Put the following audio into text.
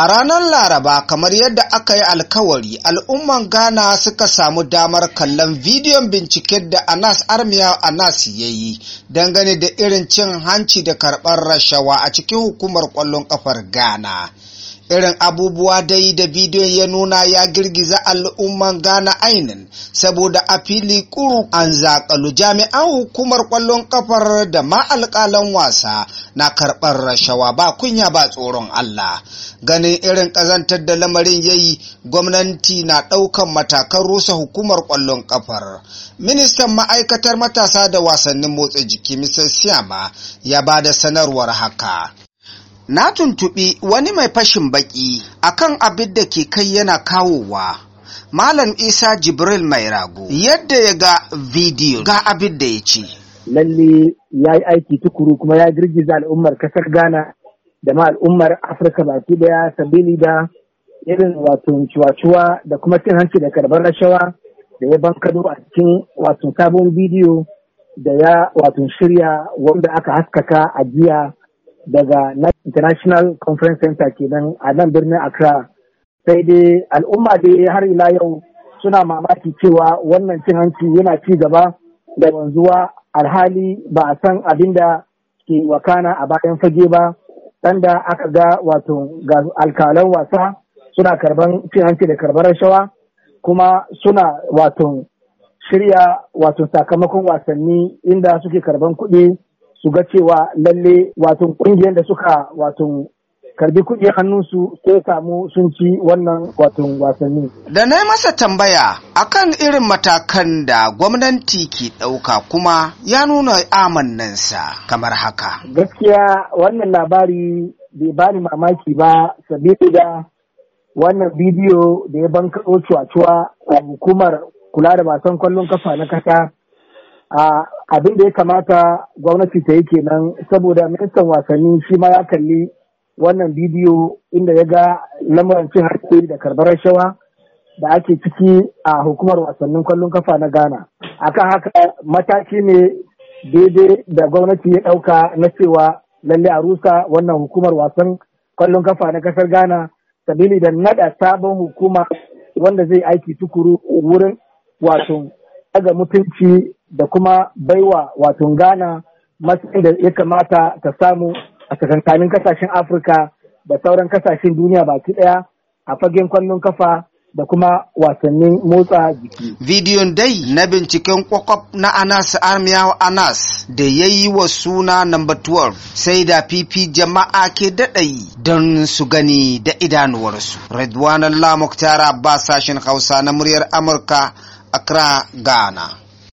A ranar Laraba kamar yadda aka yi alkawari al'umman Ghana suka samu damar kallon bidiyon binciken da Anas Armiya Anas ya yi dangane da irin cin hanci da karɓar rashawa a cikin hukumar ƙwallon ƙafar Ghana. irin abubuwa dai da bidiyon ya nuna ya girgiza al'umman gana ainin saboda a fili kuru an zakalu jami'an hukumar ƙwallon ƙafar da ma alƙalan wasa na karɓar rashawa ba kunya ba tsoron allah ganin irin ƙazantar da lamarin ya yi gwamnati na ɗaukan matakan rusa hukumar ƙwallon ƙafar. ministan ma'aikatar matasa da wasannin motsa jiki mr siyama ya ba da sanarwar haka na tuntuɓi wani mai fashin baƙi akan abin da ke kai yana kawowa malam isa jibril mai rago yadda ya ga bidiyo ga abin da ya ce lalle ya yi aiki tukuru kuma ya girgiza al'ummar kasar ghana da ma al'ummar afirka baki daya sabili da irin wato ciwaciwa da kuma cin hanci da karbar rashawa da ya bankado a cikin wato sabon bidiyo da ya wato shirya wanda aka haskaka a jiya daga international conference center kenan a nan birnin accra sai dai al'umma dai har ila yau suna mamaki cewa wannan cin hanci yana ci gaba da wanzuwa alhali ba a san abin da ke wakana a bayan fage ba da aka ga wato ga alkalan wasa suna karban cin hanci da karbar rashawa kuma suna wato shirya wato sakamakon wasanni inda suke karban kuɗi su ga cewa lalle wato kungiyar da suka wato karbi kuɗi hannunsu sai samu sun ci wannan wato wasanni. Da na masa tambaya akan irin matakan da gwamnati ke ɗauka kuma ya nuna amannansa kamar haka. Gaskiya wannan labari bai bani mamaki ba sabida da wannan bidiyo da ya kaɗo cuwa-cuwa a hukumar kula da wasan kwallon kafa na ƙasa. abin da ya kamata gwamnati ta yi kenan saboda ministan wasanni shi ma ya kalli wannan bidiyo inda ya ga lamarin cin harki da karbar rashawa da ake ciki a hukumar wasannin kwallon kafa na ghana akan haka mataki ne daidai da gwamnati ya ɗauka na cewa lalle a rusa wannan hukumar wasan kwallon kafa na kasar ghana sabili da nada sabon hukuma wanda zai aiki tukuru wurin wato daga mutunci da kuma baiwa wato Ghana matsayin da ya kamata ta samu a tsakankanin kasashen Afirka da sauran kasashen duniya baki ɗaya a fagen kwallon kafa da kuma wasannin motsa jiki. Bidiyon dai na binciken kwakwaf na Anas Armiyawa Anas da ya yi wa suna number 12 sai da fifi jama'a ke daɗayi, don su gani da idanuwarsu. Redwan Allah Mukhtar Abbas sashen Hausa na muryar Amurka, Accra, Ghana.